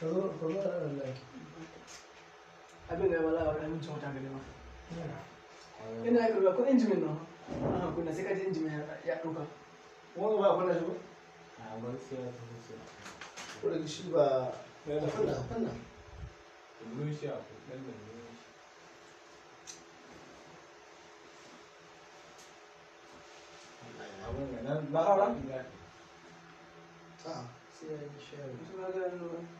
abin da za a wani amincin wata gari ba ina ya ɗauka ko injimin nan ana kunna sai ka ji ya ɗauka wani ba a shi ba a ba sai ko da shi ba ya da shi a kunnan da ba a ba a sai ya yi shi yi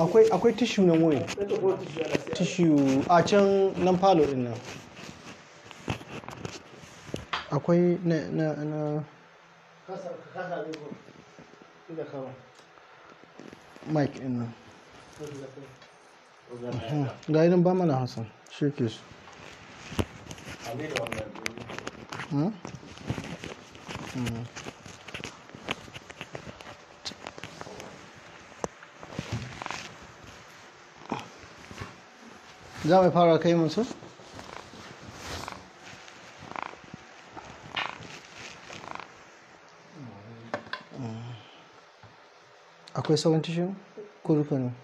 akwai akwai tishu nan wani tishu a can nan falo din nan akwai na na na mike din nan ga idan ba mana hassan shi ke su Mm-hmm. Hmm. Dá uma palavra aqui, é akwai sauran tishin kurkunu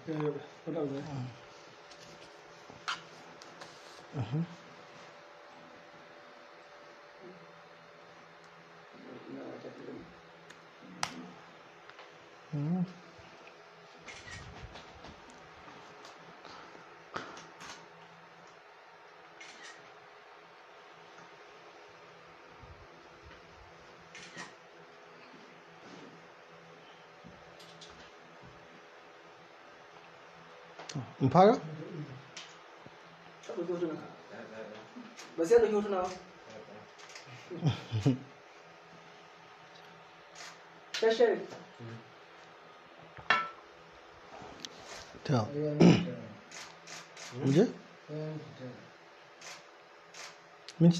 你怕啊？差不多就是那，那现在都就是这样。你 这？对啊。嗯。嗯。嗯。嗯。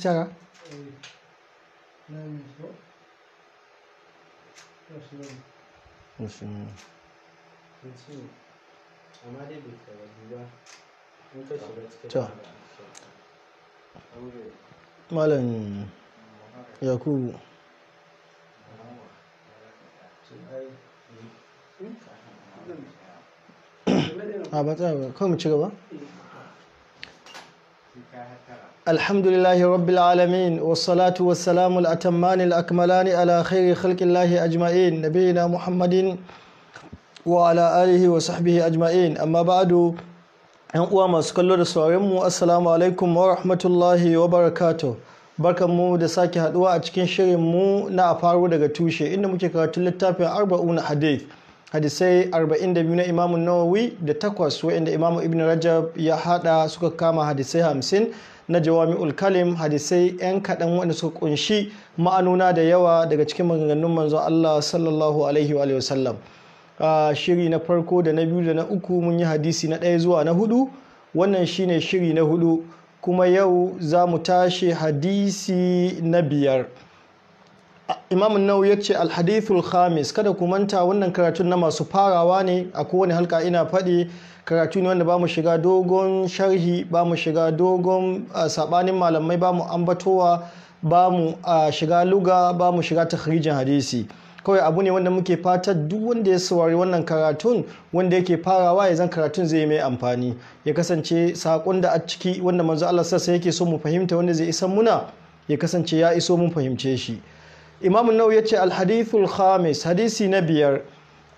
嗯。嗯。amma dai bai karatu ba in ka shiga cikin malam yakubu a ba ta kawai mu ci gaba الحمد لله رب العالمين والصلاة والسلام الأتمان الأكملان على خير خلق الله أجمعين نبينا محمد wa ala alihi wa sahbihi ajma'in amma ba'du yan uwa masu kallo da sauraron mu assalamu alaikum wa rahmatullahi wa barakatuh barkanmu da sake haduwa a cikin shirin mu na a faru daga tushe inda muke karatun littafin arba'una hadith hadisai 42 na imamu nawawi da takwas wa'inda imamu ibn rajab ya hada suka kama hadisai hamsin na jawami'ul kalim hadisai 'yan kaɗan wanda suka kunshi ma'anuna da yawa daga cikin maganganun manzon allah sallallahu alaihi wa sallam shiri na farko da na biyu da na uku mun yi hadisi na ɗaya zuwa na hudu wannan shine shiri na hudu kuma yau za mu tashi hadisi na biyar imam nau ya ce alhadithul khamis kada ku manta wannan karatun na masu farawa ne a kowane halka ina faɗi karatu ne wanda ba mu shiga dogon sharhi ba mu shiga dogon saɓanin malamai ba mu ambatowa ba mu shiga luga ba mu shiga takhrijin hadisi kawai abu ne wanda muke fata duk wanda ya saurari wannan karatun wanda yake farawa ya zan karatun zai mai amfani ya kasance sakon da a ciki wanda manzo Allah sassa yake so mu fahimta wanda zai isa muna ya kasance ya iso mun fahimce shi imamu nau ya ce alhadithul khamis hadisi na biyar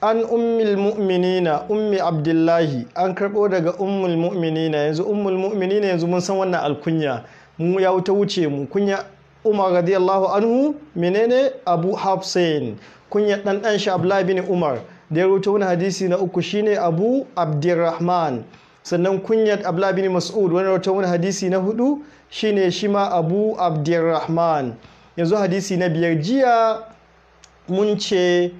an ummul mu'minina ummi abdullahi an karbo daga ummul mu'minina yanzu ummul mu'minina yanzu mun san wannan alkunya mu ya wuta wuce mu kunya umar radiyallahu anhu menene abu hafsain kunya ɗanɗan dan shi Abdullah bin Umar da ya rubuta wani hadisi na uku shine Abu Abdurrahman sannan kunyar Abdullah bin Mas'ud wani rawaito wani hadisi na hudu shine shi ma Abu Abdurrahman yanzu hadisi na biyar jiya mun ce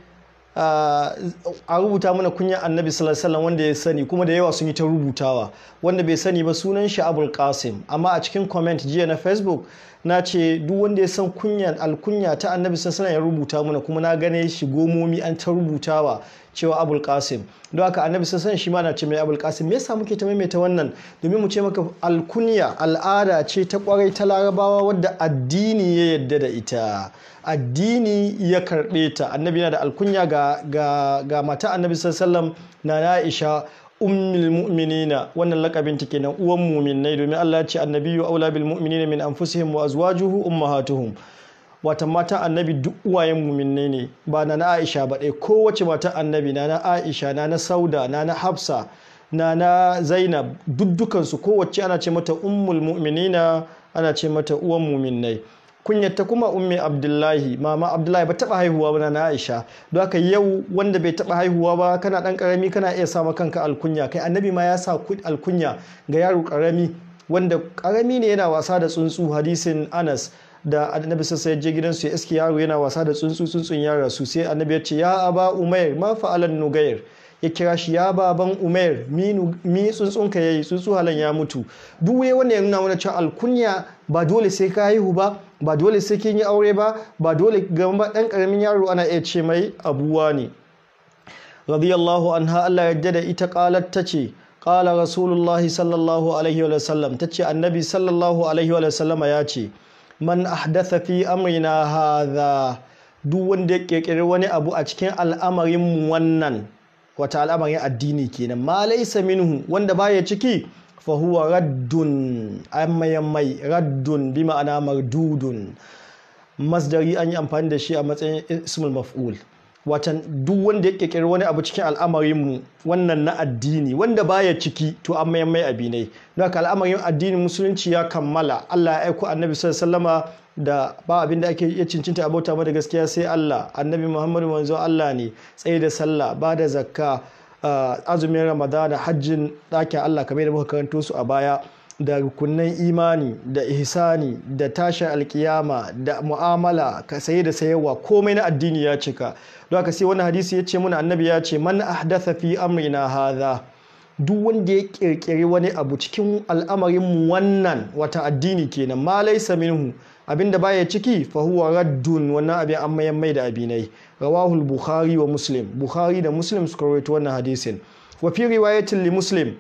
a rubuta mana kunya annabi sallallahu wanda ya sani kuma da yawa sun yi ta rubutawa wanda bai sani ba sunan shi abul qasim amma a cikin comment jiya na facebook na ce duk wanda ya san kunyan alkunya ta annabi sana ya rubuta mana kuma na gane shi gomomi an ta rubutawa cewa abul qasim don haka annabi sana shi ma na ce mai abul qasim me yasa muke ta maimaita wannan domin mu ce maka alkunya al'ada ce ta kwarai ta larabawa wadda addini ya yadda da ita addini ya karbe ta annabi yana da alkunya ga ga, ga mata annabi sallallahu alaihi na Aisha ummul mu'minina wannan lakabin ta nan uwan mu'minai domin Allah ya ce annabiyyu aula bil mu'minina min anfusihim wa azwajuhu ummahatuhum wata mata annabi duk uwayen mu'minai ne ba na Aisha ba dai kowace mata annabi na na Aisha na na Sauda na na Hafsa na na Zainab duk dukansu kowace ana ce mata ummul mu'minina ana ce mata uwan mu'minai kunyata kuma ummi abdullahi mama abdullahi ba taba haihuwa ba na aisha don haka yau wanda bai taba haihuwa ba kana dan karami kana iya sama kanka alkunya kai annabi ma ya sa alkunya ga yaro karami wanda karami ne yana wasa da tsuntsu hadisin anas da annabi sassa ya je gidansu ya iske yaro yana wasa da tsuntsu tsuntsun yara su sai annabi ya ce ya aba umair ma fa'alan nugair ya kira shi ya baban umair mi tsuntsun ka yayi tsuntsu halan ya mutu duk wanda ya nuna wani cewa alkunya ba dole sai ka haihu ba ba dole sai kin yi aure ba ba dole gaban ba ɗan ƙaramin yaro ana iya ce mai abuwa ne radiyallahu anha Allah yarda da ita qalat tace qala rasulullahi sallallahu alaihi wa sallam tace annabi sallallahu alaihi wa sallama ya ce man ahdatha fi amrina hadha duk wanda ya kirkiri wani abu a cikin al'amarin mu wannan wata al'amarin addini kenan ma laysa minhu wanda baya ciki fa huwa raddun an mayan mai raddun bi ma'ana mardudun masdari an yi amfani da shi a matsayin ismul maf'ul watan duk wanda ya kirkiri wani abu cikin al'amarinmu wannan na addini wanda baya ciki to an mayan mai abinai al'amarin addinin musulunci ya kammala Allah ya aiko annabi sallama da ba abin da ake iya cincinta abota ma da gaskiya sai Allah annabi Muhammadu wanzu Allah ne tsaye da sallah ba da zakka azumin ramadana hajjin ɗakin allah kamar da muka karanto su a baya da rukunan imani da ihsani da tashin alkiyama da mu'amala ka saye da sayarwa komai na addini ya cika don haka sai wani hadisi ya ce muna annabi ya ce man ahdatha fi amrina hadha duk wanda ya kirkiri wani abu cikin al'amarin mu wannan wata addini kenan malai laysa abinda baya ciki fa huwa raddun wannan abin an mayan mai da abinai rawahul bukhari wa muslim bukhari da muslim suka rawaito wannan hadisin wa fi riwayatin li muslim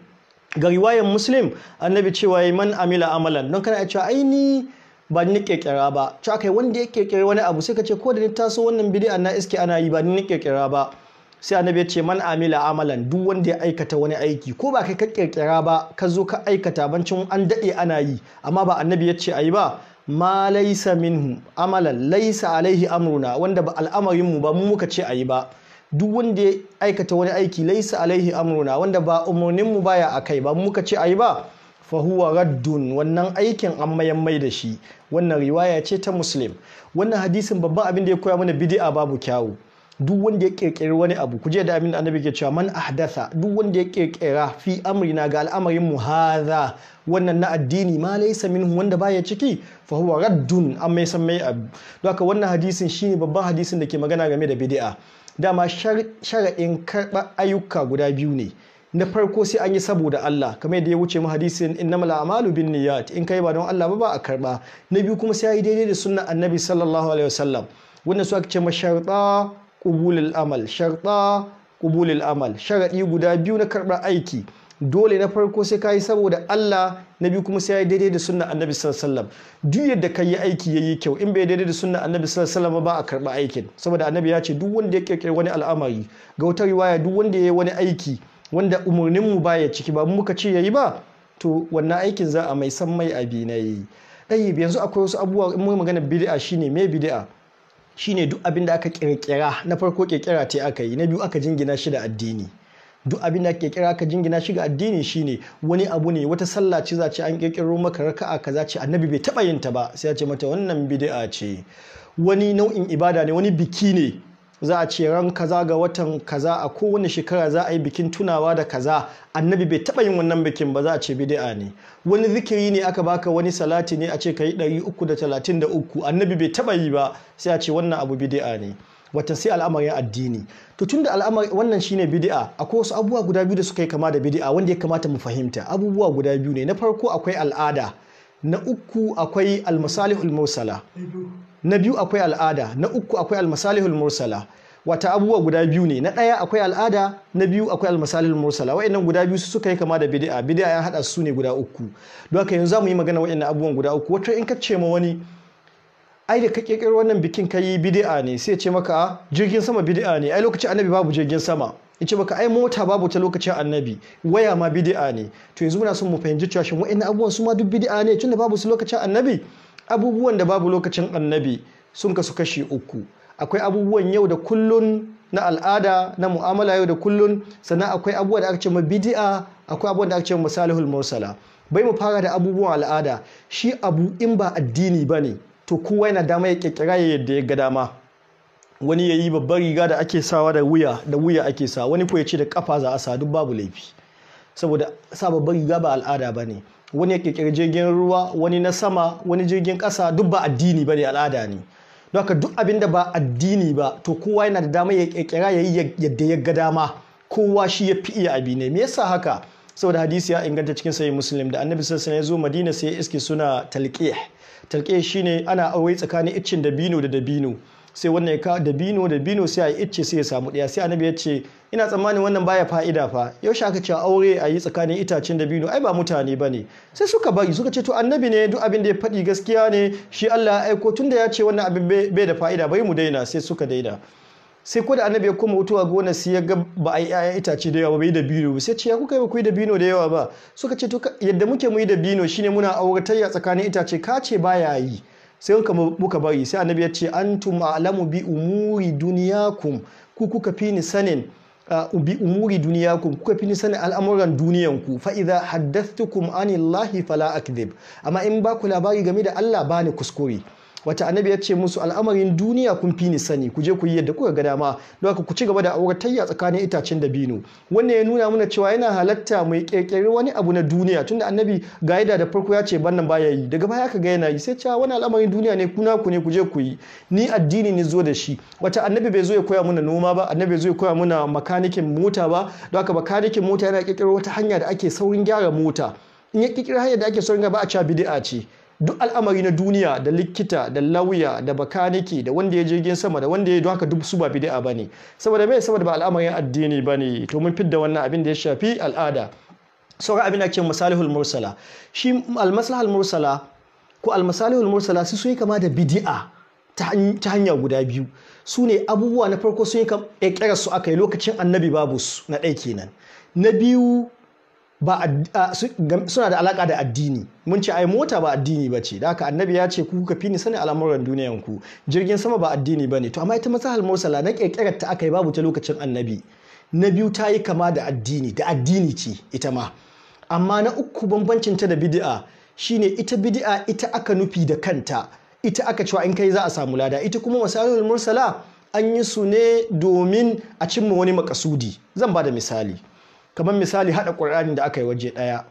ga riwayan muslim annabi cewa man amila amalan don kana cewa aini ba ni kekera ba cewa kai wanda ya kekere wani abu sai ka ce ko da ni taso wannan bid'a na iske ana yi ba ni kirkira ba sai annabi ya ce man amila amalan duk wanda ya aikata wani aiki ko ba kai ka kirkira ba ka zo ka aikata bancin an dade ana yi amma ba annabi ya ce ayi ba ma laisa minhu amalan laisa alaihi amruna wanda ba al'amarinmu ba mu muka ce a ba duk wanda ya aikata wani aiki laisa alaihi amruna wanda ba mu baya a kai ba mu muka ce a yi ba huwa raddun wannan aikin an mayan mai da shi wannan riwaya ce ta muslim wannan hadisin babban abin da ya koya mana bidi'a babu kyawu duk wanda ya kirkiri wani abu ku je da abin annabi ke cewa man ahdasa duk wanda ya kirkira fi amrina ga al'amarin mu haza wannan na addini ma laysa minhu wanda baya ciki fa huwa raddun amma yasan mai abu don haka wannan hadisin shine babban hadisin da ke magana game da bid'a dama sharaɗin karɓar ayyuka guda biyu ne na farko sai an yi saboda Allah kamar yadda ya wuce mu hadisin innamal a'malu bin niyyat in kai ba don Allah ba ba a karba na biyu kuma sai yi daidai da sunna annabi sallallahu alaihi wasallam wannan su ake ce masharta ƙubulil amal sharɗa ƙubulil amal sharaɗi guda biyu na karɓar aiki dole na farko sai ka yi saboda Allah na biyu kuma sai ya yi daidai da sunna annabi sallallahu duk yadda ka yi aiki yayi kyau in bai daidai da sunna annabi sallallahu alaihi wasallam ba a karɓa aikin saboda annabi ya ce duk wanda ya kirkiri wani al'amari ga wata riwaya duk wanda ya yi wani aiki wanda umurnin mu baya ciki ba muka ce yi ba to wannan aikin za a mai san mai abi na yi yanzu akwai wasu abubuwa in mun magana bid'a shine me bid'a shine duk abin da aka kirkira na farko kirkira ce aka yi na biyu aka jingina shi da addini duk abin da kirkira aka jingina shi ga addini shine wani abu ne wata sallah ce za ce an kirkiro maka raka'a kaza ce annabi bai taba yin ta ba sai ya ce mata wannan bid'a ce wani nau'in ibada ne wani biki ne za a ce ran kaza ga watan kaza a kowane shekara za a yi bikin tunawa da kaza annabi bai taɓa yin wannan bikin ba za a ce bid'a ne wani zikiri ne aka baka wani salati ne a ce ka yi uku da da talatin uku annabi bai taɓa yi ba sai a ce wannan abu bid'a ne wata sai al'amarin addini to tun da al'amar wannan shine bid'a akwai wasu abubuwa guda biyu da suka yi kama da bid'a wanda ya kamata mu fahimta abubuwa guda biyu ne na farko akwai al'ada na uku akwai almasalihul mursala na biyu akwai al'ada na uku akwai almasalihul mursala wata abubuwa guda biyu ne na ɗaya akwai al'ada na biyu akwai almasalil mursala wa'annan guda biyu suka yi kama da bidi'a. bid'a ya hada su ne guda uku don haka yanzu za mu yi magana wa'annan abubuwan guda uku wato in ka ce ma wani ai da ka kirkiro wannan bikin ka yi bid'a ne sai ya ce maka jirgin sama bidi'a ne ai lokacin annabi babu jirgin sama ce maka ai mota babu ta lokacin annabi waya ma bidi'a ne to yanzu muna son mu fahimci cewa shin wa'annan abubuwan su ma duk bid'a ne tunda babu su lokacin annabi abubuwan da babu lokacin annabi sun kasu kashe uku akwai abubuwan yau da kullun na al'ada na mu'amala yau da kullun sannan akwai abubuwa da aka ce bid'a akwai abubuwan da aka ce masalihul mursala bai mu fara da abubuwan al'ada shi abu in ba addini bane to kowa yana dama ya ya yadda ya ga dama wani ya yi babbar riga da ake sawa da wuya da wuya ake sa wani ko ya ce da kafa za a sa duk babu laifi saboda sa babbar riga ba al'ada bane wani ya kirkiri jirgin ruwa wani na sama wani jirgin ƙasa duk ba addini ba ne al'ada ne don haka duk abin da ba addini ba to kowa yana da dama ya kirkira ya yi yadda ya ga dama kowa shi ya fi iya abi ne me yasa haka saboda hadisi ya inganta cikin sahih muslim da annabi sallallahu alaihi ya zo madina sai ya iske suna talqih talqih shine ana aure tsakanin iccin dabino da dabino sai wannan ya kawo dabino dabino sai a icce sai ya samu ɗaya sai annabi ya ce ina tsammanin wannan baya fa'ida fa yaushe aka ce aure a yi tsakanin itacen dabino ai ba mutane ba ne sai suka bari suka ce to annabi ne duk abin da ya faɗi gaskiya ne shi Allah ya aiko tun da ya ce wannan abin bai da fa'ida bai mu daina sai suka daina sai ko da annabi ya koma mutuwa gona sai ya ga ba a yi ƴaƴan itace da yawa ba yi da bino sai ce ya kuka yi ku yi da bino da yawa ba suka ce to yadda muke mu yi da bino shine muna auratayya tsakanin itace ka ce baya yi sai muka bari sai annabi ya ce antum a'lamu bi umuri duniyakum ku kuka fi ni sanin uh, bi umuri duniyakum kuka fi ni sanin al'amuran duniyanku fa idza haddathtukum anillahi fala akdhib amma in ba ku labari game da Allah bani kuskure wata annabi ya ce musu al'amarin duniya kun fi ni sani ku je ku yi yadda kuka ga dama don haka ku ci gaba da auratayya tsakanin itacen dabino wannan ya nuna mana cewa yana halatta mu kirkiri wani abu na duniya tunda annabi gaida da farko ya ce bannan baya yi daga baya ka ga yana yi sai cewa wani al'amarin duniya ne kuna ku ne ku je ku yi ni addini ne zo da shi wata annabi bai zo ya koya mana noma ba annabi bai zo ya koya mana makanikin mota ba don haka makanikin mota yana kirkiro wata hanya da ake saurin gyara mota in ya kirkiro hanya da ake saurin ba a cewa bid'a ce duk al'amari na duniya da likita da lauya da bakaniki da wanda ya jirgin sama da wanda ya yi haka duk su ba ba ne saboda mai saboda ba al'amarin addini ba ne to mun fidda wannan abin da ya shafi al'ada sauran abin da ke masalihul mursala shi almasalihul mursala ko almasalihul mursala su sun yi kama da bidi'a ta hanya guda biyu su ne abubuwa na farko sun yi kera su aka yi lokacin annabi babu na ɗaya kenan na biyu ba suna da alaka da addini mun ce ai mota ba addini ba ce da haka annabi ya ce ku kuka fi ni sani al'amuran duniyan ku jirgin sama ba addini ba ne to amma ita masahal mursala na kirkirar ta aka yi babu ta lokacin annabi na biyu ta yi kama da addini da addini ce ita ma amma na uku bambancin ta da bidi'a shine ita bidi'a ita aka nufi da kanta ita aka cewa in kai za a samu lada ita kuma masalul mursala an yi su ne domin a cimma wani makasudi zan ba da misali kamar misali haɗa ƙur'ani da aka yi waje ɗaya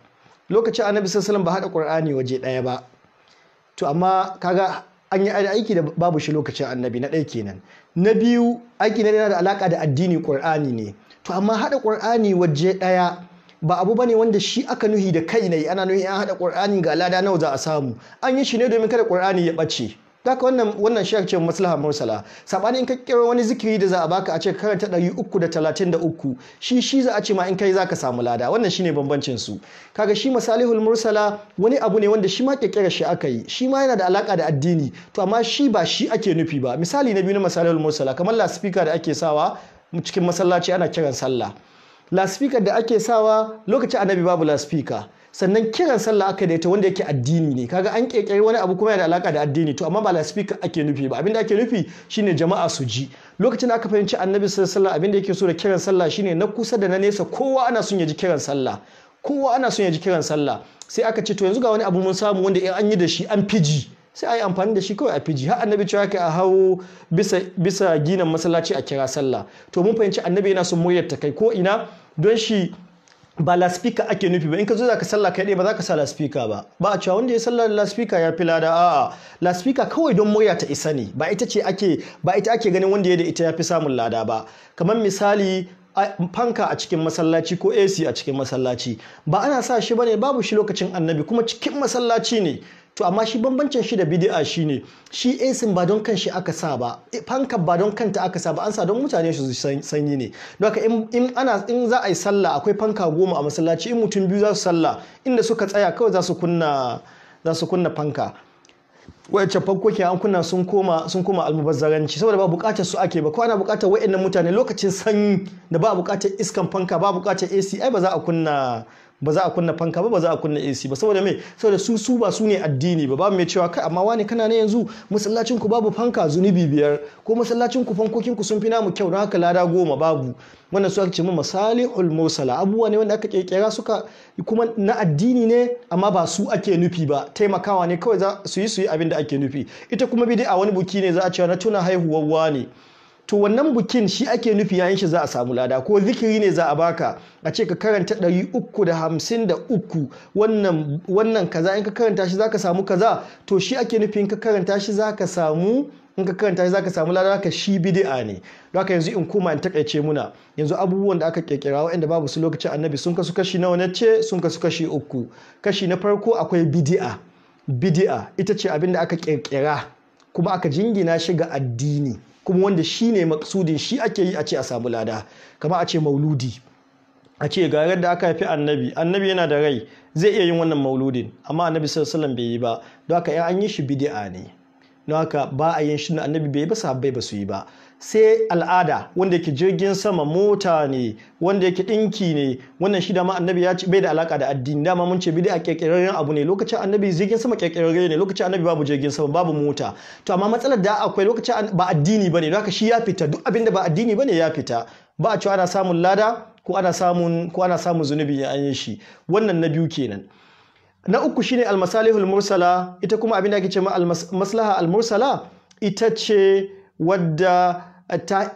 lokacin annabi sallallahu ba haɗa ƙur'ani waje ɗaya ba to amma kaga an yi aiki da babu shi lokacin annabi na ɗaya kenan na biyu aiki na yana da alaƙa da addini ƙur'ani ne to amma haɗa ƙur'ani waje ɗaya ba abu bane wanda shi aka nuhi da kai na yi ana nuhi an haɗa ƙur'ani ga alada nawa za a samu an yi shi ne domin kada ƙur'ani ya ɓace zaka wannan wannan shi ce maslaha mursala sabani in ka kiro wani zikiri da za a baka a ce karanta uku. shi shi za a ce ma in kai zaka samu lada wannan shine bambancin su kaga shi masalihul mursala wani abu ne wanda shi ma kirkirar shi aka yi shi ma yana da alaka da addini to amma shi ba shi ake nufi ba misali na biyu na masalihul mursala kamar speaker da ake sawa cikin masallaci ana kiran sallah lasfika da ake sawa lokacin annabi babu lasfika sannan kiran sallah aka da ita wanda yake addini ne kaga an kekere wani abu kuma yana da alaka da addini to amma ba la speaker ake nufi ba abinda ake nufi shine jama'a su ji lokacin da aka fahimci annabi sallallahu alaihi wasallam abinda yake so da kiran sallah shine na kusa da na nesa kowa ana son ya ji kiran sallah kowa ana son ya ji kiran sallah sai aka ce to yanzu ga wani abu mun samu wanda in an yi da shi an fiji sai a yi amfani da shi kawai a fiji har annabi cewa ka a hawo bisa bisa ginin masallaci a kira sallah to mun fahimci annabi yana son muryar ta kai ko ina don shi ba laspika ake nufi ba in ka zo zaka sallah kai ba zaka sa laspika ba ba a cewa wanda ya sallah da laspika ya fi lada a'a laspika kawai don murya ta isa ne ba ita ce ake ba ita ake ganin wanda ya da ita ya fi samun lada ba kamar misali fanka a cikin masallaci ko AC a cikin masallaci ba ana sa shi bane babu shi lokacin annabi kuma cikin masallaci ne to amma shi bambancin shi da bid'a shine shi esin ba don kanshi aka sa ba fanka ba don kanta aka sa ba an sa don mutane su sanyi ne don in za a yi sallah akwai fanka goma a masallaci in mutum biyu za su sallah inda suka tsaya kawai za su kunna za su kunna fanka wacce an kunna sun koma sun koma almubazzaranci saboda ba bukatar su ake ba ko ana bukatar wa'annan mutane lokacin sanyi da ba bukatar iskan fanka ba bukatar AC ai ba za a kunna ba za a kunna fanka ba ba za a kunna AC ba saboda me saboda su su ba su ne addini ba babu mai cewa kai amma wani kana ne yanzu masallacin ku babu fanka zunubi biyar ko masallacin ku fankokin ku sun fi namu kyau don haka lada goma babu wannan su ake ce masalihul mursala abubuwa ne wanda aka kirkira suka kuma na addini ne amma ba su ake nufi ba taimakawa ne kawai za su yi su yi abin da ake nufi ita kuma a wani buki ne za a cewa na tuna haihuwar wani ne to wannan bukin shi ake nufi yayin shi za a samu lada ko zikiri ne za a baka a ce ka karanta 353 wannan wannan kaza in ka karanta shi za ka samu kaza to shi ake nufi in ka karanta shi za ka samu lada ka shi bid'a ne don haka yanzu in koma in takaice muna yanzu abubuwan da aka kirkira waɗanda babu su lokacin annabi sun kasu kashi nawa na ce sun kasu kashi uku kashi na farko akwai bidi'a. Bidi'a ita ce abin da aka kirkira kuma aka jingina shi ga addini kuma wanda shi ne maksudin shi ake yi a ce a samu lada kama a ce mauludi a ce ga da aka haifi annabi annabi yana da rai zai iya yin wannan mauludin amma annabi sallallahu bai yi ba don haka in an yi shi bid'a ne don haka ba a yin shi annabi bai yi ba sahabbai ba su yi ba sai al'ada wanda yake jirgin sama mota ne wanda yake ɗinki ne wannan shi ma annabi ya ce bai da alaka da addini dama mun ce bid'a kekkerarren abu ne lokacin annabi jirgin sama kirkirarre ne lokacin annabi babu jirgin sama babu mota to amma matsalar da akwai lokacin ba addini bane haka shi ya fita duk abin da ba addini bane ya fita ba a cewa ana samun lada ko ana samun ko ana samun zunubi ya an yi shi wannan na biyu kenan na uku shine almasalihul mursala ita kuma abin da ake ce ma almaslaha almursala ita ce wadda ta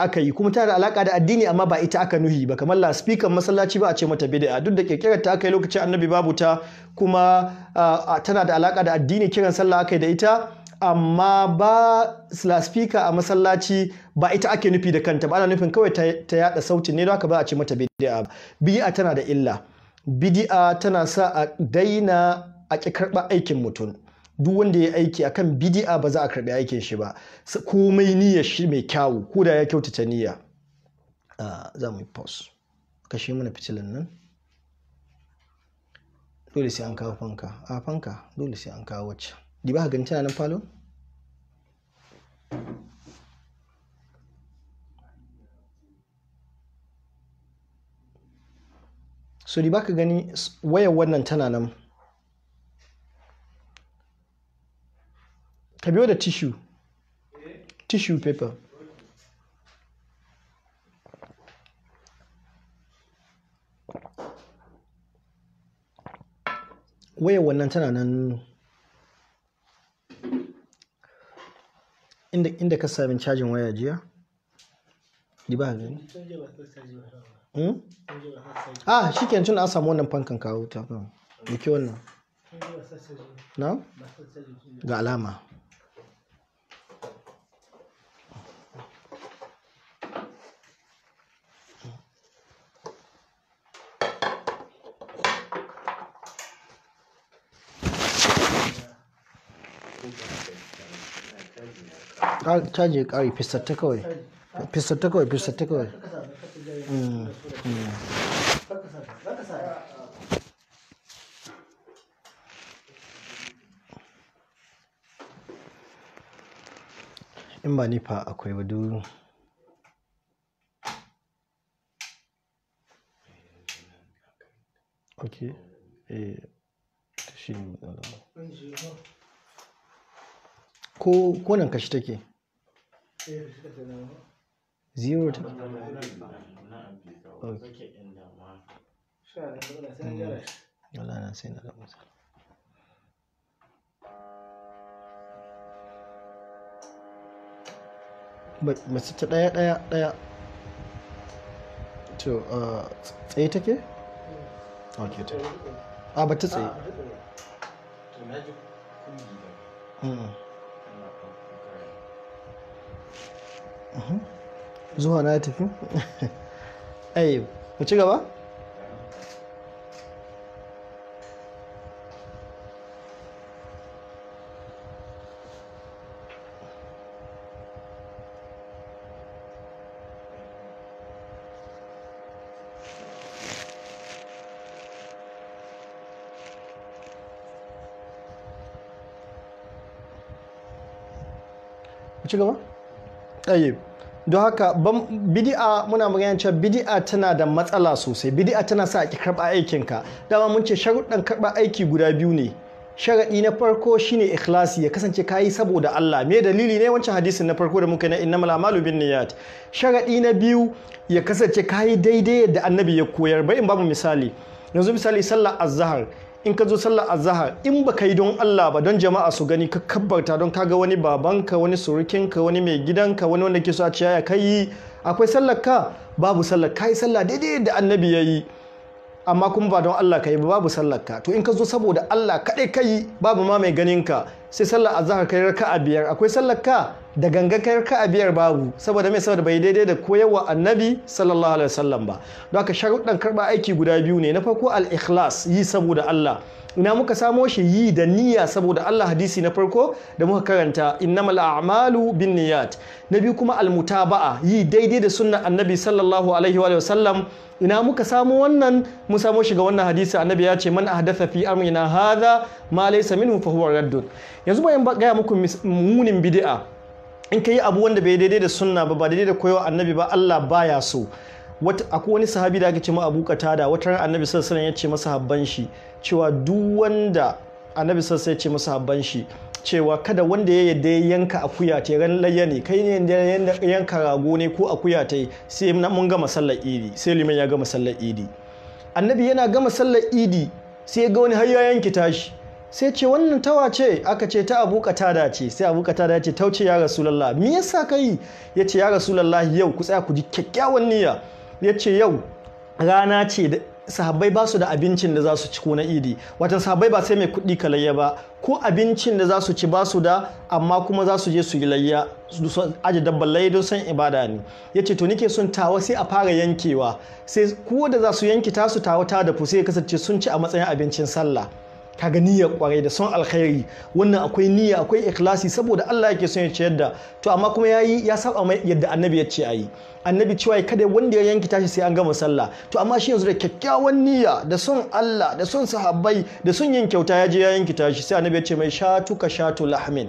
aka yi kuma tana da alaka da addini amma ba ita aka nuhi ba kamar speaker masallaci ba a ce mata bid'a duk da kirkirar ta aka yi lokacin annabi babu ta kuma tana da alaka da addini kiran sallah aka yi da ita amma ba speaker a masallaci ba ita ake nufi da kanta ba ana nufin kawai ta yada sautin ne don haka ba a ce mata bid'a bid'a tana da illa bid'a tana sa a daina a ƙi aikin mutum duk wanda ya aiki akan bidi'a ba za a karbi aikin shi ba komai niyyar shi mai kyawu ko da ya kyautata niyya za mu yi pause kashe mana fitilan nan dole sai an kawo fanka a fanka dole sai an kawo wacce di ba ganin tana nan falo so di ba ka gani wayar wannan tana nan ka biyo da tissue tissue paper wayan wannan tana nan inda, inda ka sami cajin waya jiya di ba gani hmm? ah shi ke tun an samu wannan fankan kawo ta da wannan na ga alama caji kawai fisar ta kawai fisar ta kawai fisar ta kawai mm. in ba nifa akwai wadu ok eh, shi ne ko nan kashi take zero ta wala na sai na ta ɗaya ɗaya ɗaya to uh, tsaye take? ok ta a ah, ba ta tsaye zuwa na ya tafi ai mu ci gaba ci gaba tsaye don haka bidi'a muna magana cewa bidi'a tana da matsala sosai bidi'a tana sa ki aikin ka dama mun ce sharuɗan karba aiki guda biyu ne sharaɗi na farko shine ikhlasi ya kasance kayi saboda Allah me dalili ne wancan hadisin na farko da muka na innamal amalu bin niyyat sharaɗi na biyu ya kasance kayi daidai yadda annabi ya koyar bai in babu misali yanzu misali sallar azhar in ka zo sallah a azahar in ba ka yi don Allah ba don jama'a su gani ka kabbarta don kaga wani babanka wani surukinka wani mai gidanka wani wanda ke so a ciyaya ka yi akwai sallar ka babu sallar ka yi sallah daidai da annabi ya yi amma kuma ba don Allah ka yi ba babu sallar ka to in ka zo saboda Allah kaɗai ka yi babu ma mai ganin ka sai sallar azahar kai raka'a biyar akwai sallar ka da ganga kai raka'a biyar babu saboda mai saboda bai daidai da koyarwa annabi sallallahu alaihi wasallam ba don haka sharuɗan karɓa aiki guda biyu ne na farko al-ikhlas yi saboda Allah ina muka samo shi yi da niyya saboda Allah hadisi na farko da muka karanta innamal a'malu bin niyyat na biyu kuma almutaba'a yi daidai da sunnan annabi sallallahu alaihi wa ina muka samo wannan mun samo shi ga wannan hadisi annabi ya ce man ahdatha fi amrina hadha ma laysa minhu fa huwa raddun yanzu bayan gaya muku munin bidi'a in ka yi abu wanda bai daidai da sunna ba ba daidai da koyawa annabi ba Allah baya so akwai wani sahabi da aka ce ma Abu Qatada wata ran annabi sallallahu alaihi ya ce masa habban shi cewa duk wanda annabi sallallahu alaihi ya ce masa habban shi cewa kada wanda ya yadda ya yanka akuya ta ran layya ne kai ne yanka rago ne ko akuya ta sai mun gama sallar idi sai liman ya gama sallar idi annabi yana gama sallar idi sai ya ga wani har ya yanki tashi sai ce wannan tawa ce aka ce ta abu da ce sai abu dace ce tauce ya rasu rasulallah me ka kai ya ce ya rasulallah yau ku tsaya ku ji kyakkyawan niyya ya ce yau rana ce da sahabbai ba su da abincin da za su ci ko na idi watan sahabbai ba sai mai kuɗi kalayya ba ko abincin da za su ci ba su da amma kuma za su je su yi layya su aje dabban layya don san ibada ne ya ce to nike sun tawa sai a fara yankewa sai ko da za su yanki tasu tawa ta da sai ya kasance sun ci a matsayin abincin sallah kaga niyyar kwarai da son alkhairi wannan akwai niyya akwai ikhlasi saboda Allah yake son ya ciyar da to amma kuma yayi ya saba mai yadda annabi ya ce ayi annabi cewa kada wanda ya yanki tashi sai an gama sallah to amma shi yanzu da kyakkyawan niyya da son Allah da son sahabbai da son yin kyauta ya je ya yanki tashi sai annabi ya ce mai ka shatu lahmin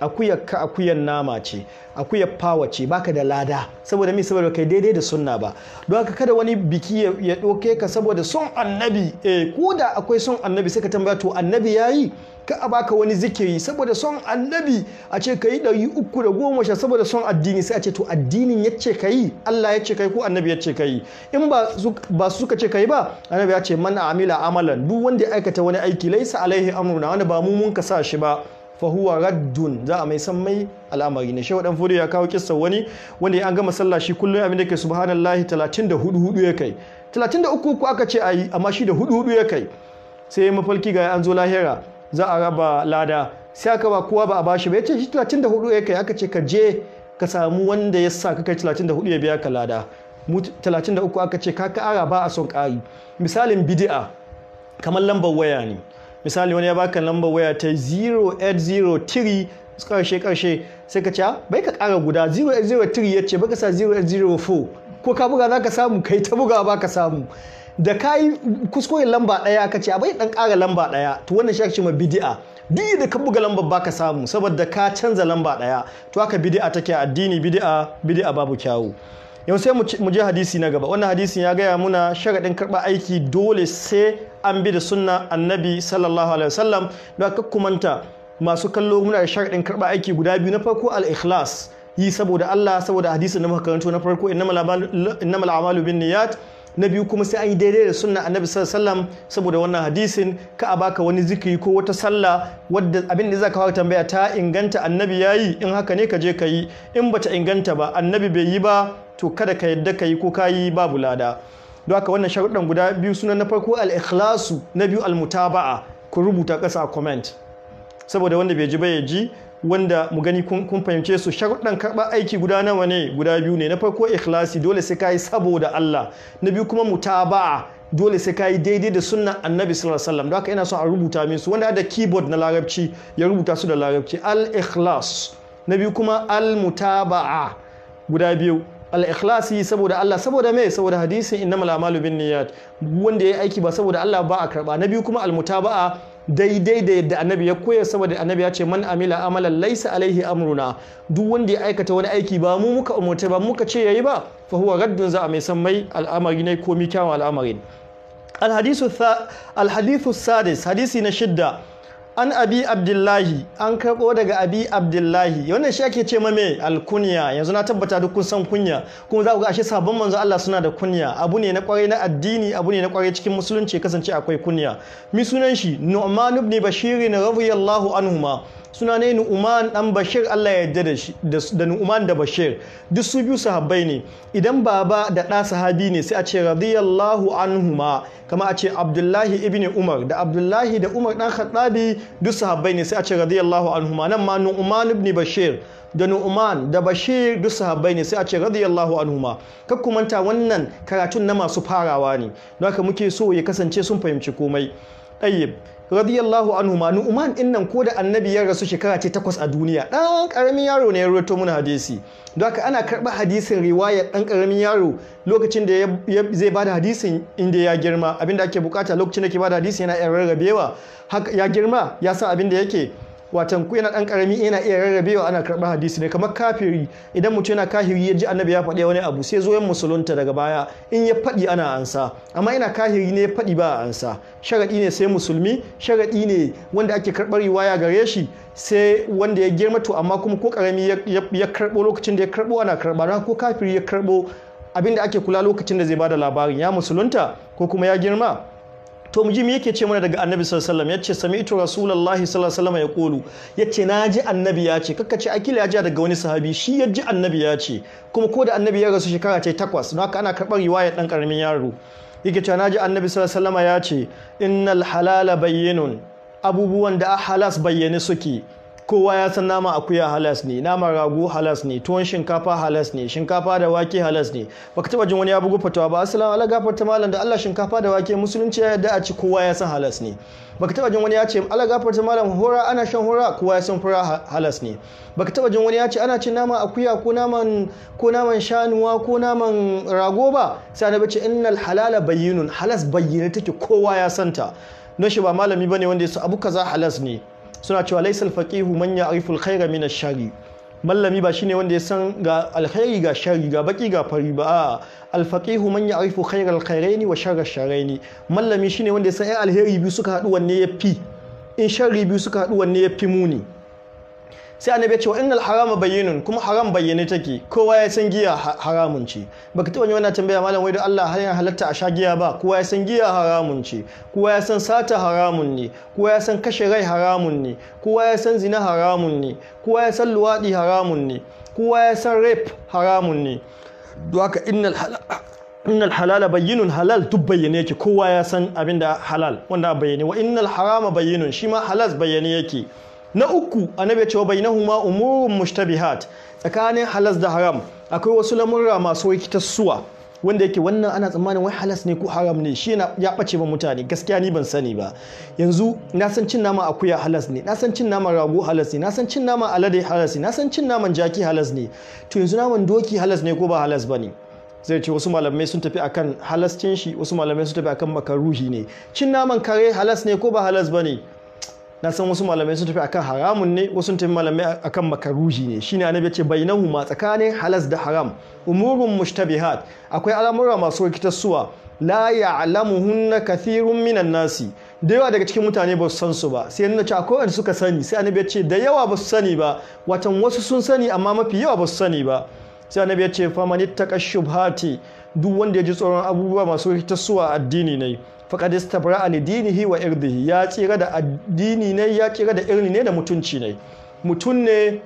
akuyar ka akuyar nama ce akuyar fawa ce baka da lada saboda mi saboda kai daidai da sunna ba don haka kada wani biki ya doke ka saboda son annabi eh ko da akwai son annabi sai ka tambaya to annabi yayi ka a baka wani zikiri saboda son annabi a ce ka yi ɗari uku da goma sha saboda son addini sai a ce to addinin ya ce ka yi Allah ya ce ka yi ko annabi ya ce ka yi in ba su suka ce ka yi ba annabi ya ce man amila amalan duk wanda ya aikata wani aiki laisa alaihi amruna wanda ba mu mun ka sa shi ba fahuwa raddun za a mai san mai al'amari ne shehu dan fudu ya kawo kissa wani wanda ya an gama sallah shi kullum abin da yake subhanallahi 34 hudu ya kai 33 uku aka ce ayi amma shi da hudu hudu ya kai sai ya mafalki ga an zo lahira za a raba lada sai aka ba kowa ba a bashi ba ya ce shi 34 ya kai aka ce ka je ka samu wanda ya sa ka kai 34 ya biya ka lada 33 aka ce ka ara ba a son kari misalin bid'a kamar lambar waya ne misali wani ya baka lambar waya ta 0803 karshe karshe sai ka ce ah, bai ka kara guda 0803 ya ce baka sa 0804 ko ka buga za ka samu kai ta buga ba ka samu da ka yi kuskure lamba daya ka ce ah, bai dan kara lamba daya to wannan shi ake ma bidi'a duk da ka buga lambar baka samu saboda ka canza lamba daya to haka bidi'a take addini bid'a bid'a babu kyawu yau sai mu je hadisi na gaba wannan hadisin ya gaya muna sharaɗin karɓa aiki dole sai an bi da sunna annabi sallallahu alaihi wasallam don aka kumanta masu kallo muna da sharaɗin karɓa aiki guda biyu na farko al-ikhlas yi saboda Allah saboda hadisin da muka na farko innamal a'malu bin niyat na biyu kuma sai an yi daidai da sunna annabi sallallahu alaihi saboda wannan hadisin ka a baka wani zikiri ko wata sallah wadda abin da zaka fara tambaya ta inganta annabi yayi in haka ne ka je ka yi in bata inganta ba annabi bai yi ba to kada ka yadda ka yi ko ka yi babu lada don haka wannan sharuɗan guda biyu suna na farko al-ikhlasu na biyu al-mutaba'a ku rubuta ƙasa a comment saboda wanda bai ji ba ya ji wanda mu gani kun fahimce su sharuɗan karɓar aiki guda nawa ne guda biyu ne na farko ikhlasi dole sai kayi saboda Allah na biyu kuma mutaba'a dole sai kayi daidai da sunnan annabi sallallahu alaihi wasallam don haka ina son a rubuta min su wanda da keyboard na larabci ya rubuta su da larabci al ikhlas na biyu kuma al mutaba'a guda biyu al saboda Allah saboda mai saboda hadisin innamal a'malu binniyat wanda yayi aiki ba saboda Allah ba a karba na biyu kuma al-mutaba'a daidai da yadda annabi ya koya saboda annabi ya ce man amila amalan laisa alaihi amruna duk wanda ya aikata wani aiki ba mu muka umurta ba muka ce yayi ba fa huwa raddun za a mai san mai al'amari ne ko mi kyawun al'amarin الحديث الث... الحديث السادس حديث an abi abdullahi an karɓo daga abi abdullahi wannan shi ake ce mame alkunya yanzu na tabbata duk kun san kunya kuma za ku ga ashe sabon manzo Allah suna da kunya abu ne na kwarai na addini abu ne na kwarai cikin musulunci kasance akwai kunya mi sunan shi Nu'man ibn Bashir radiyallahu anhuma suna ne nu'uman dan bashir Allah ya yarda da nu'uman da bashir duk su biyu sahabbai ne idan baba da ɗa sahabi ne sai a ce radiyallahu anhuma kama a ce abdullahi ibn umar da abdullahi da umar dan khattabi duk sahabbai ne sai a ce radiyallahu anhuma nan ma nu'uman ibn bashir da nu'uman da bashir duk sahabbai ne sai a ce radiyallahu anhuma kar ku manta wannan karatun na masu farawa ne don haka muke so ya kasance sun fahimci komai ɗayyib radiyallahu anhu ma nu'man din ko da annabi ya rasu shekara ce takwas a duniya ɗan karamin yaro ne ya rawaito mun hadisi don haka ana karɓa hadisin riwayar ɗan karamin yaro lokacin da zai bada hadisin inda ya girma abinda ake bukata lokacin da ke bada hadisin yana yan rarrabewa ya girma ya san abinda yake watan ku yana dan karami yana iya rarrabewa ana karɓar hadisi ne kamar kafiri idan mutum yana kahiri ya ji annabi ya faɗi wani abu sai zo yan musulunta daga baya in ya faɗi ana ansa amma yana kahiri ne ya faɗi ba a ansa sharaɗi ne sai musulmi sharaɗi ne wanda ake karɓar riwaya gare shi sai wanda ya girma to amma kuma ko karami ya karɓo lokacin da ya karɓo ana karɓa ko kafiri ya karɓo abinda ake kula lokacin da zai bada labarin ya musulunta ko kuma ya girma to mu ji me yake ce mana daga annabi sallallahu alaihi wasallam yace sami'tu rasulullahi sallallahu alaihi wasallam yaqulu yace naji annabi yace ce ce akila ya daga wani sahabi shi ya ji annabi ya ce kuma ko da annabi ya rasu shekara ce takwas don haka ana karɓar riwayar dan karamin yaro yake cewa naji annabi sallallahu alaihi wasallam ya ce innal halala bayyinun abubuwan da halas bayyane suke kowa ya san nama akuya halas ne nama rago halas ne tuwon shinkafa halas ne shinkafa da wake halas ne baka taba jin wani ya bugu fatawa ba assalamu ala gafarta malam da Allah shinkafa da wake musulunci ya yarda a ci kowa ya san halas ne baka taba jin wani ya ce ala gafarta malam hora ana shan hora kowa ya san fura halas ne baka taba jin wani ya ce ana cin nama akuya ko naman ko naman shanuwa ko naman rago ba sai annabi ce innal halala bayyinun halas bayyana take kowa ya santa don shi ba malami bane wanda ya abu kaza halas ne suna cewa laisal faqihu man ya'rifu al-khayra min ash-sharri mallami ba shine wanda ya san ga alkhairi ga shari ga baki ga fari ba a manya man ya'rifu khayra al-khayraini wa sharra ash-sharraini mallami shine wanda ya san ai alheri biyu suka haɗu wanne ya fi in sharri biyu suka haɗu wanne ya fi muni sai annabi ya ce wa innal harama bayyinun kuma haram bayyane take kowa ya san giya haramun ce baka taba wani tambaya malam wai da Allah har yana halatta a sha giya ba kowa ya san giya haramun ce kowa ya san sata haramun ne kowa ya san kashe rai haramun ne kowa ya san zina haramun ne kowa ya san luwadi haramun ne kowa ya san rape haramun ne haka innal inna halala bayyinun halal duk bayyane yake kowa ya san abinda halal wanda bayyane wa innal harama bayyinun shi ma halal bayyane yake na uku annabi cewa bainahuma umurun mushtabihat tsakanin halas da haram akwai wasu lamurra masu suwa. wanda yake wannan ana tsammanin wai halas ne ko haram ne shi ya ɓace ba mutane gaskiya ni ban sani ba yanzu na san cin nama akuya halas ne na san cin nama rago halas ne na san cin nama alade halas ne na san cin naman jaki halas ne to yanzu naman doki halas ne ko ba halas ba ne zai ce wasu malamai sun tafi akan halascin shi wasu malamai sun tafi akan makaruhi ne cin naman kare halas ne ko ba halas ba ne na san wasu malamai sun tafi akan haramun ne wasu tafi malamai akan makaruhi ne shine annabi ya ce ma tsakanin halas da haram umurun mushtabihat akwai al'amura masu rikitarsuwa la ya'lamuhunna kathirun minan nasi da yawa daga cikin mutane ba su san su ba sai nuna cewa kowanne suka sani sai annabi ya ce da yawa ba su sani ba watan wasu sun sani amma mafi yawa ba su sani ba sai annabi ya ce faman shubhati duk wanda ya ji tsoron abubuwa masu rikitarsuwa addini ne faqad istabra'a li dinihi wa irdihi ya tsira da addini ne ya tsira da irni ne da mutunci ne mutun ne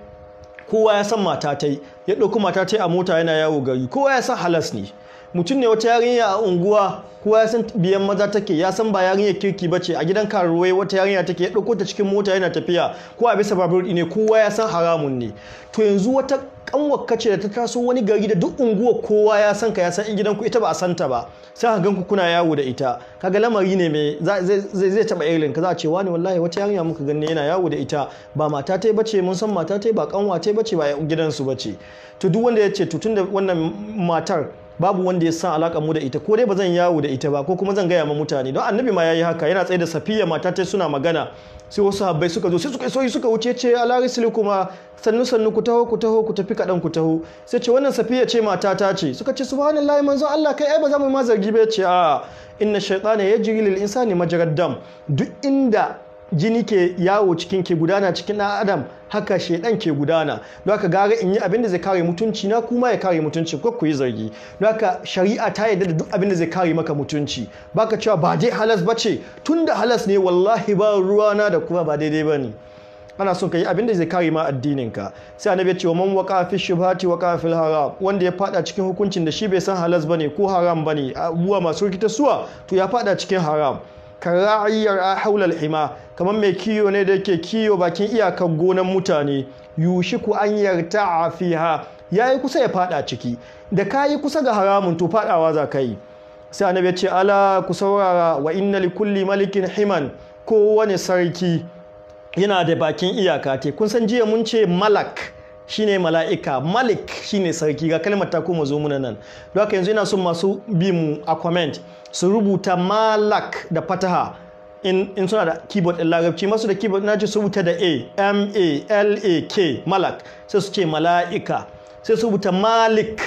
kowa ya san mata tai ya dauko mata a mota yana yawo gari kowa ya san halas ne mutum ne wata yarinya a unguwa kowa ya san biyan maza take ya san ba yarinyar kirki ba ce a gidan karuwai wata yarinya take ya ɗauko ta cikin mota yana tafiya ko a bisa babur ne kowa ya san haramun ne to yanzu wata kanwar kace da ta taso wani gari da duk unguwar kowa ya san ka ya san gidan ku ita ba a ta ba sai ka ku kuna yawo da ita ka ga lamari ne mai zai zai taba irin ka za a ce wani wallahi wata yarinya muka ganni yana yawo da ita ba mata tai bace mun san mata tai ba kanwa tai bace ba gidansu bace to duk wanda ya ce to da wannan matar babu wanda ya san alaƙa mu da ita ko dai ba zan yawo da ita ba ko kuma zan gaya ma mutane don annabi ma yayi haka yana tsaye da safiya mata ta suna magana sai wasu habbai suka zo sai suka soyi suka wuce ce alarisili kuma sannu sannu ku taho ku taho ku tafi kaɗan ku taho sai ce wannan safiya ce mata ta ce suka ce subhanallahi manzo Allah kai ai ba za mu ma zargi ba ce a inna shaytana yajri lil insani majrad dam duk inda jini ke yawo cikin ke gudana cikin ɗan adam haka shaidan ke gudana don haka gara in yi abin da zai kare mutunci na kuma ya kare mutunci ko ku yi zargi don haka shari'a ta yarda da duk abin da zai kare maka mutunci baka cewa ba dai halas ba ce tun da halas ne wallahi ba ruwa na da kuma ba daidai ba ne ana son ka yi abin da zai kare ma addininka sai annabi ya ce wa man waqa fi shubhati waqa fi haram wanda ya fada cikin hukuncin da shi bai san halas bane ko haram bane abubuwa masu rikita suwa to ya fada cikin haram kara'ayyar a haular hima kamar mai kiyo ne da yake kiyo bakin iyakar gonan mutane yushiku an yarta a fiha ya yi kusa ya fada ciki da ka yi kusa ga haramun to fadawa za ka yi sai annabi ya ce ala ku saurara wa inna li kulli malikin himan kowane sarki yana da bakin iyaka te kun san jiya mun ce malak shine mala'ika malik shine sarki ga kalmar ta koma zo muna nan don haka yanzu ina son masu bi mu a comment su rubuta malak da fataha in, suna da keyboard ɗin larabci masu da keyboard na ce su rubuta da a m a l a k malak sai su ce mala'ika sai su rubuta malik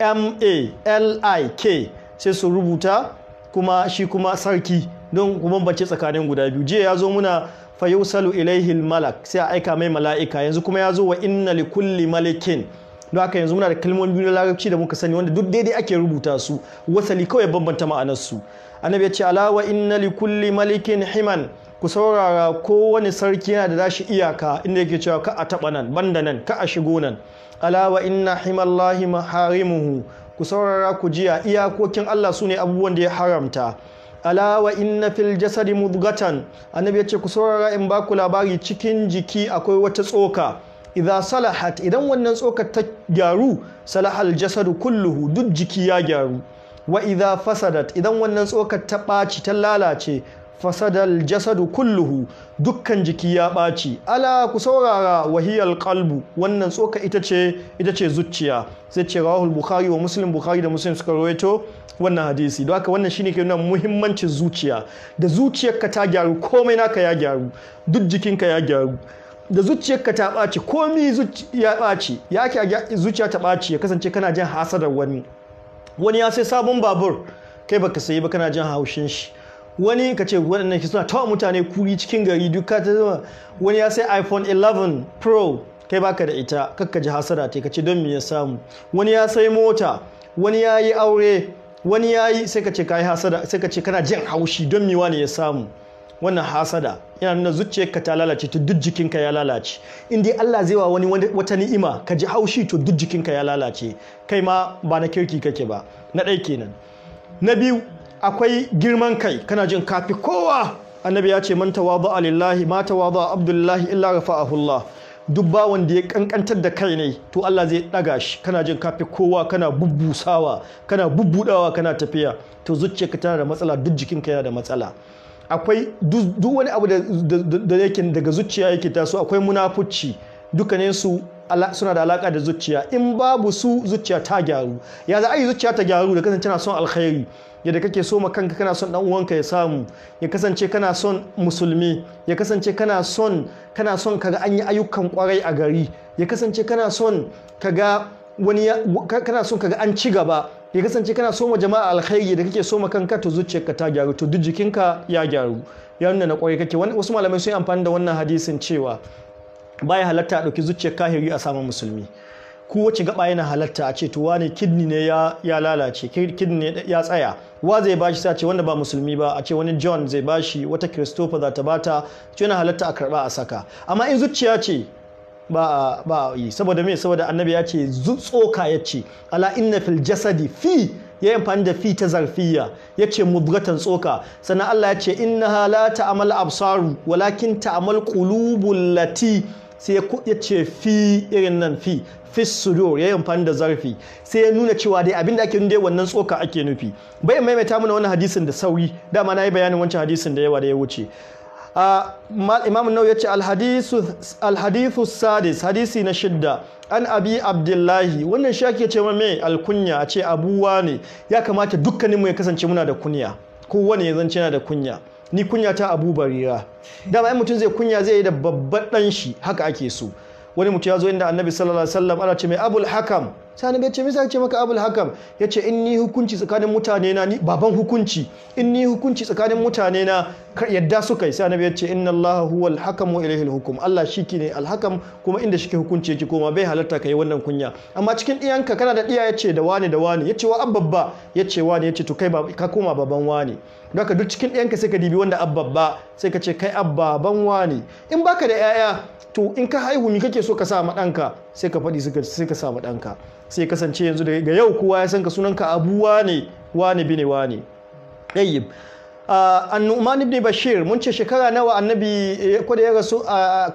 m a l i k sai su rubuta kuma shi kuma sarki don kuma bace tsakanin guda biyu jiya ya zo muna fayusalu yusalu ilaihi malak sai a aika mai mala'ika yanzu kuma ya zo wa inna li kulli malikin don haka yanzu muna da kalmomi biyu na larabci da muka sani wanda duk daidai ake rubuta su wasali kawai bambanta ma'anar su annabi ya ce ala wa inna li kulli malikin himan ku saurara kowane sarki yana da dashi iyaka inda yake cewa ka a taɓa nan banda nan ka a shigo nan ala wa inna himallahi maharimuhu ku saurara ku jiya iyakokin Allah sune abubuwan da ya haramta ala wa inna fil jasadi mudghatan annabi yace ku saurara in ba ku labari cikin jiki akwai wata tsoka idza salahat idan wannan tsokar ta gyaru salahal jasadu kulluhu duk jiki ya gyaru wa idza fasadat idan wannan tsokar ta ɓaci ta lalace fasadal jasadu kulluhu dukkan jiki ya ɓaci ala ku saurara wahiyar kalbu wannan tsoka ita ce ita ce zuciya sai ce Rahul bukhari wa muslim bukhari da muslim suka rawaito wannan hadisi don haka wannan shine ke nuna muhimmancin zuciya da zuciyarka ta gyaru komai naka ya gyaru duk jikinka ya gyaru da zuciyarka ta ɓaci zuciya ya ɓaci ya ke zuciya ta ɓaci ya kasance kana jin hasadar wani wani ya sai sabon babur kai baka sayi ba kana jin haushin shi wani ka ce waɗannan suna tawa mutane kuri cikin gari duka ta zama wani ya sai iphone 11 pro kai baka da ita kakka ji hasara te ka ce don me ya samu wani ya sai mota wani ya yi aure wani ya yi sai ka ce ka hasada sai ka ce kana jin haushi don mu wani ya samu wannan hasada yana nuna zuciyarka ta lalace to duk jikinka ya lalace in dai Allah zai wa wani wata ni'ima ka ji haushi to duk jikinka ya lalace kai ma ba na kirki kake ba na ɗaya kenan na biyu akwai girman kai kana jin kafi kowa annabi ya ce man a lillahi ma a abdullahi illa rafa'ahu Allah duk wanda ya kankantar da kai ne to Allah zai daga shi kana jin kafi kowa kana bubbusawa kana bubbudawa kana tafiya to zuciyarka tana da matsala duk jikinka yana da matsala akwai duk wani abu da yake daga zuciya yake taso akwai munafuci dukkanin su suna da alaka da zuciya in babu su zuciya ta gyaru ya za a yi zuciya ta gyaru da kasance tana son alkhairi yadda kake so ma kanka kana son dan uwanka ya samu ya kasance kana son musulmi ya kasance kana son kana son kaga an yi ayyukan kwarai a gari ya kasance kana son kaga wani kana son kaga an ci gaba ya kasance kana so ma jama'a alkhairi da kake so ma kanka to zuciyarka ta gyaru to duk jikinka ya gyaru ya nuna na kwarai kake wasu malamai sun yi amfani da wannan hadisin cewa baya halatta a ɗauki zuciyar kahiri a samun musulmi kowace gaba yana halatta a ce to wane kidni ne ya lalace kidni ne ya tsaya wa zai bashi sai wanda ba musulmi ba a ce wani John zai bashi wata Christopher za ta bata ce yana halatta a karba a saka amma in zuciya ce ba ba yi saboda me saboda annabi ya ce tsoka ya ce ala inna fil jasadi fi ya amfani da fi ta zarfiya ya ce mubgatan tsoka sannan Allah ya ce inna la amal absaru walakin ta'amal qulubul lati sai ya ce fi irin nan fi fis sudur ya yi amfani da zarfi sai ya nuna cewa dai abinda ake nuna wannan tsoka ake nufi bayan maimaita mana wannan hadisin da sauri dama na yi bayanin wancan hadisin da yawa da ya wuce imam nau ya ce alhadithu sadis hadisi na shidda an abi abdullahi wannan shi ake ce mai alkunya a ce abuwa ne ya kamata dukkanin mu ya kasance muna da kunya kowane ya zance yana da kunya ni kunya ta abu barira dama in mutum zai kunya zai yi da babban ɗan shi haka ake so wani mutum ya zo inda annabi sallallahu alaihi wasallam ana ce mai abul hakam sani bai ce misa ce maka abul hakam ya ce in ni hukunci tsakanin mutane na ni baban hukunci in ni hukunci tsakanin mutane na yadda suka yi sani bai ce in allaha huwal hakam wa ilayhi hukum allah ki ne alhakam kuma inda shi ke hukunci yake koma bai halatta yi wannan kunya amma cikin iyanka kana da ya yace da wani da wani yace wa ya yace wani yace to kai ka koma baban wani haka duk cikin iyanka sai ka dibi wanda babba sai ka ce kai abbaban wani in baka da 'ya'ya to in ka haihu mi kake so ka sa ma ɗanka sai ka faɗi sai ka samu ɗanka sai kasance yanzu daga yau kowa ya san ka sunanka abu wane wane bine wane ɗayyib ah, annu'man ibn bashir mun ce shekara nawa annabi eh, kwada ah,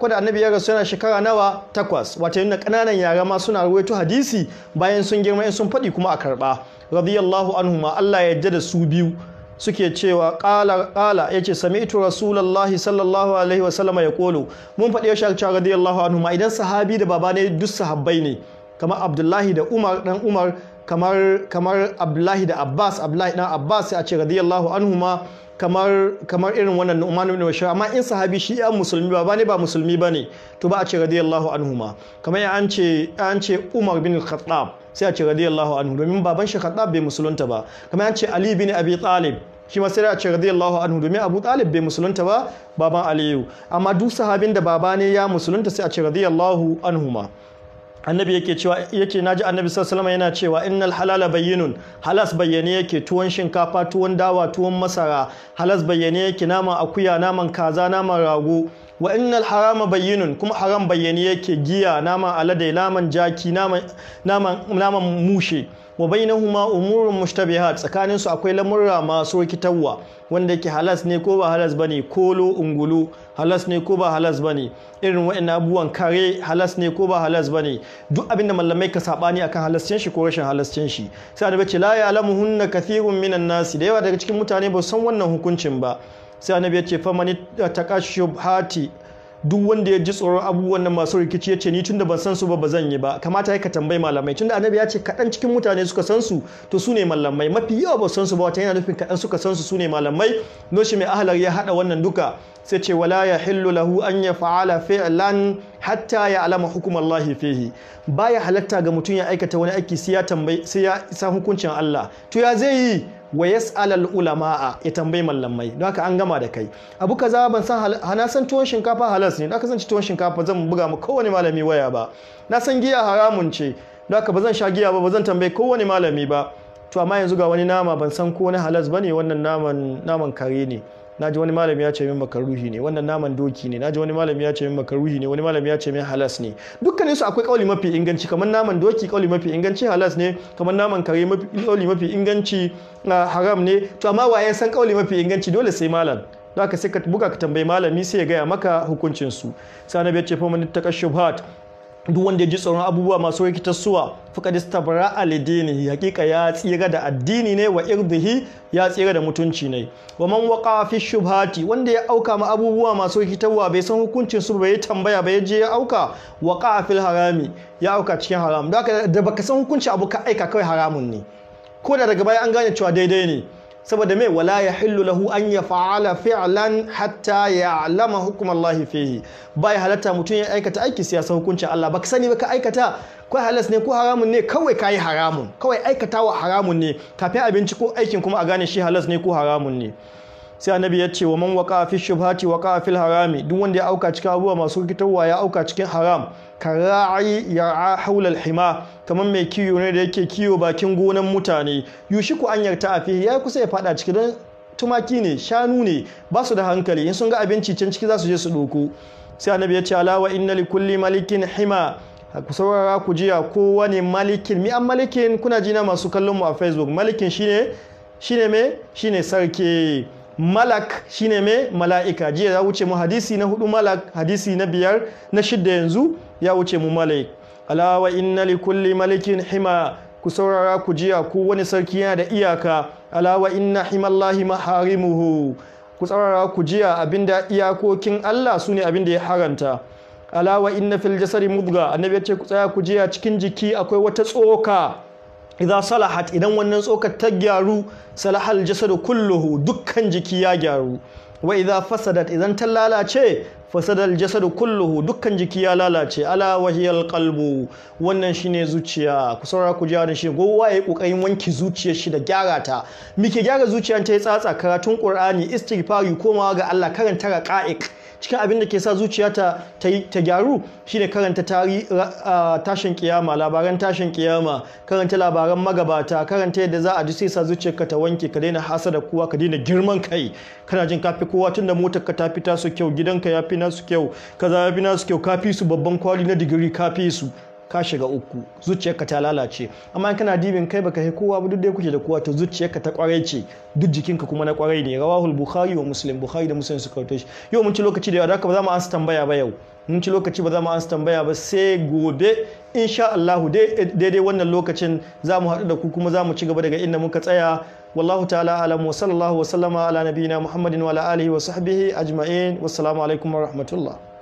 ah, ya rasu yana shekara nawa takwas wato yana kananan yara ma suna ruwaito hadisi bayan sun girma sun faɗi kuma a karɓa radiyallahu anhu ma Allah ya yadda da su biyu suke cewa ƙala ƙala ya ce sami ito rasulallahi sallallahu alaihi wasallama ya kolo mun faɗi ya shakci radiyallahu anhu ma idan sahabi da baba ne duk sahabbai ne kamar abdullahi da umar ɗan umar kamar kamar abdullahi da abbas abdullahi ɗan abbas ya ce radiyallahu anhu ma kamar kamar irin wannan Nu'man ibn Bashir amma in sahabi shi ya musulmi ba ne ba musulmi bane to ba a ce radiyallahu anhu ma kamar ya an ce an ce Umar bin Khattab sai a ce radiyallahu anhu domin baban shi Khattab bai musulunta ba kamar an ce Ali bin Abi Talib shi ma sai a ce radiyallahu anhu domin Abu Talib bai musulunta ba baban Aliyu amma duk sahabin da baba ne ya musulunta sai a ce Anhu ma. annabi yake cewa yake naji annabi sallallahu yana cewa innal halala bayyinun halas bayyane yake tuwon shinkafa tuwon dawa tuwon masara halas bayyane yake naman akuya naman kaza naman rago wa innal harama bayyinun kuma haram bayyane yake giya naman alade naman jaki naman mushe wa bainahuma umurun mushtabihat tsakanin su akwai lamurra masu rikitarwa wanda yake halas ne ko ba halas bane kolo ungulu halas ne ko ba halas bane irin wa'in abubuwan kare halas ne ko ba halas bane duk abin da mallamai ka sabani akan halascin shi ko rashin halascin shi sai da bace la hunna kathirun minan nasi da yawa daga cikin mutane ba su san wannan hukuncin ba sai annabi ya ce famani hati duk wanda ya ji tsoron abubuwan nan masu rikici ya ce ni tunda ban san su ba ba zan yi ba kamata ka tambayi malamai tunda annabi ya ce kaɗan cikin mutane suka san su to su ne malamai mafi yawa ba san su ba wata yana nufin kaɗan suka san su su ne malamai noshi mai ahalar ya haɗa wannan duka sai ce wala ya hillu lahu an ya fa'ala fi'lan hatta ya alama hukumar Allah fihi baya halatta ga mutum ya aikata wani aiki sai ya tambayi sai ya san hukuncin Allah to ya zai yi wa yas'alal ulama'a ya tambayi mallamai don haka an gama da kai abu kaza ban san na san tuwon shinkafa halas ne don haka san tuwon shinkafa zan buga ma kowane malami waya ba na san giya haramun ce don haka ba zan sha giya ba ba zan tambayi kowane malami ba to amma yanzu ga wani nama ban san ko na halas bane wannan naman naman kare ne naji wani malami ya ce min makaruhi ne wannan naman doki ne naji wani malami ya ce min makaruhi ne wani malami ya ce min halas ne dukkanin su akwai kauli mafi inganci kamar naman doki kauli mafi inganci halas ne kamar naman kare mafi kauli mafi inganci haram ne to amma waye san kauli mafi inganci dole sai malam don haka sai ka buga ka tambayi malami sai ya gaya maka hukuncin su sai annabi ya ce fa man taqashshubat duk wanda ya ji tsoron abubuwa masu rikitarsuwa faqad istabra alidini hakika ya tsira da addini ne wa irdihi ya tsira da mutunci ne wa man waqa fi shubhati wanda ya auka ma abubuwa masu rikitarwa bai san hukuncin su bai tambaya bai je ya auka waqa fil harami ya auka cikin haram da baka san hukunci abu ka aika kawai haramun ne ko da daga baya an gane cewa daidai ne saboda mai wala ya hillu lahu an ya fa'ala fi'lan hatta ya alama hukum Allah fihi bai halatta mutum ya aikata aiki siyasa hukuncin Allah baka sani baka aikata ko halas ne ko haramun ne kawai kayi haramun kawai aikatawa haramun ne kafin abinci ko aikin kuma a gane shi halas ne ko haramun ne sai annabi ya ce wa man waqa fi shubhati waqa fil harami duk wanda ya auka cikin abubuwa masu rikitarwa ya auka cikin haram ra'ayi ya haula al-hima kamar mai kiyo ne da yake kiyo bakin gonan mutane yushiku an yarta afi ya kusa ya fada ciki don tumaki ne shanu ne ba su da hankali in sun ga abinci can ciki za su je su doko sai annabi ya ce alawa inna li kulli malikin hima ku saurara ku jiya ko wani malikin mi an malikin kuna jina masu kallon mu a facebook malikin shine shine me shine sarki malak shine mai mala'ika jiya ya wuce mu hadisi na hudu malak hadisi na biyar na shidda yanzu ya wuce mu mala'ik alawa inna li kulli malikin hima ku saurara ku jiya ku wani sarki yana da iyaka alawa inna himallahi maharimuhu ku saurara ku jiya abinda iyakokin Allah sune abinda ya haranta alawa inna fil jasari mubga annabi ya ce ku tsaya ku jiya cikin jiki akwai wata tsoka idan salahat idan wannan tsokar ta gyaru salahal jasadu kulluhu dukkan jiki ya gyaru wa idan fasadat idan ta lalace fasadal jasadu kulluhu dukkan jiki ya lalace ala wahiyal qalbu wannan shine zuciya ku saura ku wannan shi gowa yayi kokarin wanki zuciyar shi da gyara ta muke gyara zuciyar ta yi tsatsa karatun qur'ani istighfari komawa ga Allah karanta raqa'iq cikin abin da ke sa zuciya ta ta gyaru shine karanta tashin kiyama labaran tashin kiyama karanta labaran magabata karanta yadda za a ji sai sa zuciyarka ta wanke ka daina hasada kowa ka daina girman kai kana jin kafi kowa tunda da motar ka ta fita su kyau gidanka ya fi nasu kyau kaza ya fi nasu kyau kafi su babban kwali na digiri kafi su ka shiga uku zuciyarka ta lalace amma in kana dibin kai baka kowa ba duk dai kuke da kowa to ka ta kwarai ce duk jikinka kuma na kwarai ne rawahul bukhari wa muslim bukhari da muslim suka rawaito shi yau mun ci lokaci da yawa da ba za mu ansa tambaya ba yau mun ci lokaci ba za mu ansa tambaya ba sai gobe insha Allahu daidai wannan lokacin za mu haɗu da ku kuma za mu ci gaba daga inda muka tsaya wallahu ta'ala alamu wa sallallahu wa sallama ala nabiyina muhammadin wa ala alihi wa sahbihi ajma'in wassalamu alaikum wa rahmatullah